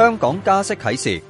香港加息啟示。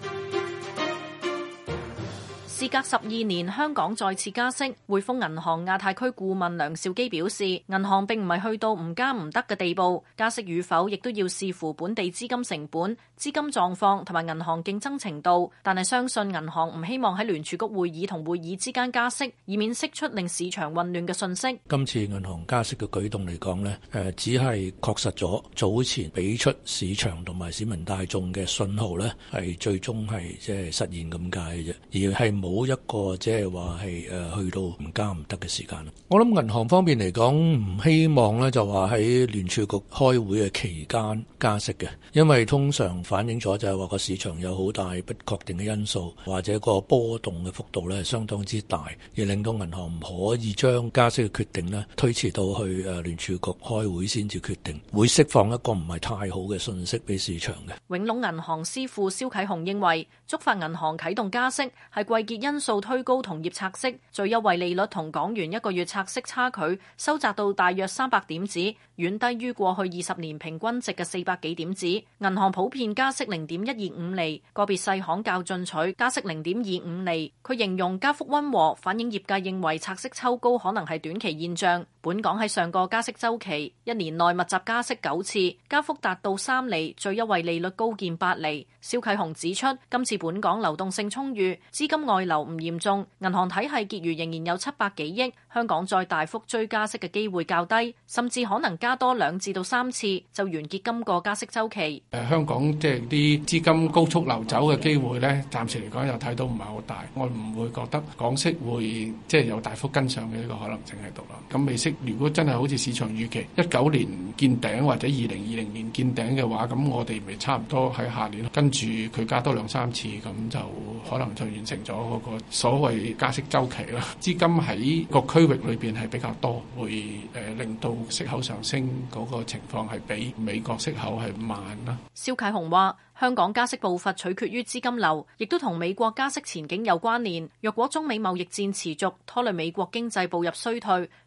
隔十二年，香港再次加息。滙豐銀行亞太區顧問梁兆基表示，銀行並唔係去到唔加唔得嘅地步，加息與否亦都要視乎本地資金成本、資金狀況同埋銀行競爭程度。但係相信銀行唔希望喺聯儲局會議同會議之間加息，以免釋出令市場混亂嘅訊息。今次銀行加息嘅舉動嚟講咧，誒，只係確實咗早前俾出市場同埋市民大眾嘅信號咧，係最終係即係實現咁解嘅啫，而係冇。冇一個即係話係誒去到唔加唔得嘅時間啦。我諗銀行方面嚟講，唔希望咧就話喺聯儲局開會嘅期間加息嘅，因為通常反映咗就係話個市場有好大不確定嘅因素，或者個波動嘅幅度咧係相當之大，而令到銀行唔可以將加息嘅決定咧推遲到去誒聯儲局開會先至決定，會釋放一個唔係太好嘅信息俾市場嘅。永隆銀行師傅蕭啟雄認為，觸發銀行啟動加息係季結一。因素推高同業拆息，最優惠利率同港元一個月拆息差距收窄到大約三百點子，遠低於過去二十年平均值嘅四百幾點子。銀行普遍加息零點一二五厘，個別細行較進取加息零點二五厘。佢形容加幅溫和，反映業界認為拆息抽高可能係短期現象。本港喺上個加息周期一年內密集加息九次，加幅達到三厘，最優惠利率高見八厘。蕭啟鴻指出，今次本港流動性充裕，資金外流，唔嚴重，銀行體系結餘仍然有七百幾億。香港再大幅追加息嘅機會較低，甚至可能加多兩至到三次就完結今個加息周期。誒，香港即係啲資金高速流走嘅機會咧，暫時嚟講又睇到唔係好大。我唔會覺得港息會即係、就是、有大幅跟上嘅呢個可能性喺度啦。咁美息如果真係好似市場預期一九年見頂或者二零二零年見頂嘅話，咁我哋咪差唔多喺下年跟住佢加多兩三次，咁就可能就完成咗嗰個所謂加息周期啦。資金喺各區。區域裏邊係比較多，會誒令到息口上升嗰個情況係比美國息口係慢啦。蕭啟鴻話：香港加息步伐取決於資金流，亦都同美國加息前景有關聯。若果中美貿易戰持續，拖累美國經濟步入衰退。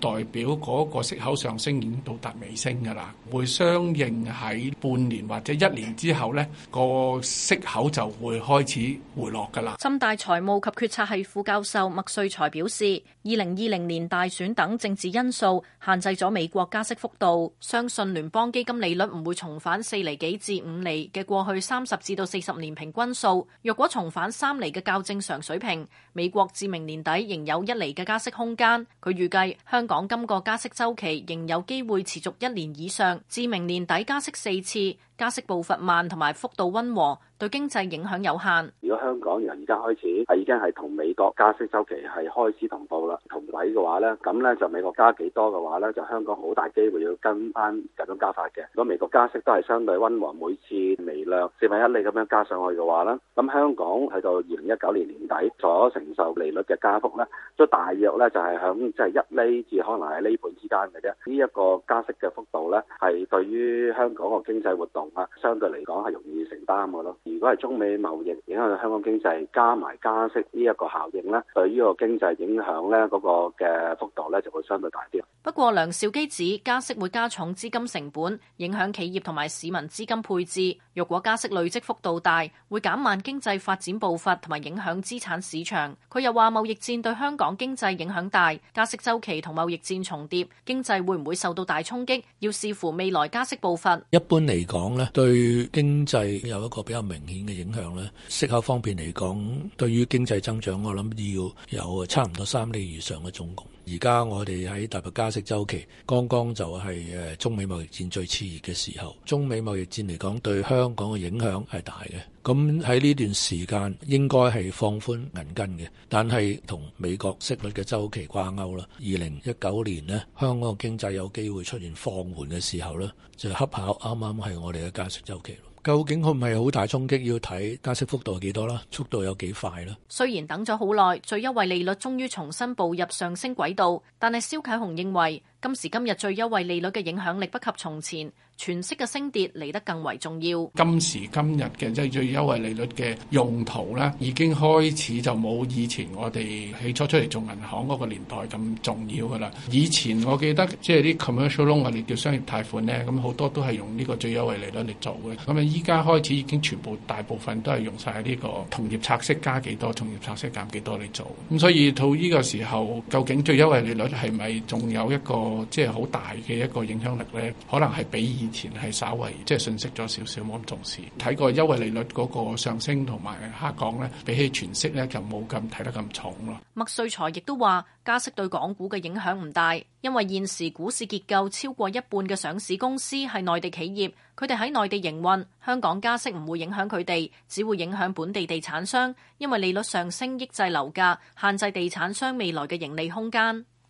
代表嗰個息口上升已經到達尾聲㗎啦，會相應喺半年或者一年之後呢，個息口就會開始回落㗎啦。深大財務及決策系副教授麥瑞才表示，二零二零年大選等政治因素限制咗美國加息幅度，相信聯邦基金利率唔會重返四釐幾至五釐嘅過去三十至到四十年平均數。若果重返三釐嘅較正常水平，美國至明年底仍有一釐嘅加息空間。佢預計。香港今個加息週期仍有機會持續一年以上，至明年底加息四次，加息步伐慢同埋幅度溫和，對經濟影響有限。如果香港由而家開始，已經係同美國加息週期係開始同步啦，同位嘅話咧，咁咧就美國加幾多嘅話咧，就香港好大機會要跟翻嗰種加法嘅。如果美國加息都係相對溫和，每次微量四分一厘咁樣加上去嘅話咧，咁香港去到二零一九年年底所承受利率嘅加幅咧，都大約咧就係響即係一厘。可能喺呢本之間嘅啫，呢一個加息嘅幅度咧，係對於香港個經濟活動啊，相對嚟講，係容易承擔嘅咯。如果係中美貿易影響到香港經濟加埋加息呢一個效應咧，對呢個經濟影響咧，嗰個嘅幅度咧就會相對大啲。不過梁兆基指加息會加重資金成本，影響企業同埋市民資金配置。若果加息累積幅度大，會減慢經濟發展步伐，同埋影響資產市場，佢又話貿易戰對香港經濟影響大，加息周期同。貿易戰重疊，經濟會唔會受到大衝擊？要視乎未來加息步伐。一般嚟講呢，對經濟有一個比較明顯嘅影響呢。息口方面嚟講，對於經濟增長，我諗要有差唔多三厘以上嘅總共。而家我哋喺大陸加息周期，剛剛就係誒中美貿易戰最熾熱嘅時候。中美貿易戰嚟講對香港嘅影響係大嘅。咁喺呢段時間應該係放寬銀根嘅，但係同美國息率嘅周期掛鈎啦。二零一九年咧，香港嘅經濟有機會出現放緩嘅時候咧，就恰巧啱啱係我哋嘅加息周期究竟係唔係好大衝擊，要睇加息幅度係幾多啦，速度有幾快啦。雖然等咗好耐，最優惠利率終於重新步入上升軌道，但係蕭啟宏認為，今時今日最優惠利率嘅影響力不及從前，存息嘅升跌嚟得更為重要。今時今日嘅即係最優惠利率嘅用途咧，已經開始就冇以前我哋起初出嚟做銀行嗰個年代咁重要噶啦。以前我記得即係啲 commercial loan，我哋叫商業貸款咧，咁好多都係用呢個最優惠利率嚟做嘅。咁啊，依家開始已經全部大部分都係用晒呢個同業拆息加幾多，同業拆息減幾多嚟做。咁所以到呢個時候，究竟最優惠利率係咪仲有一個？即係好大嘅一個影響力咧，可能係比以前係稍為即係瞬息咗少少冇咁重視睇個優惠利率嗰個上升同埋下降咧，比起全息咧就冇咁睇得咁重咯。麥瑞才亦都話，加息對港股嘅影響唔大，因為現時股市結構超過一半嘅上市公司係內地企業，佢哋喺內地營運，香港加息唔會影響佢哋，只會影響本地地產商，因為利率上升抑制樓價，限制地產商未來嘅盈利空間。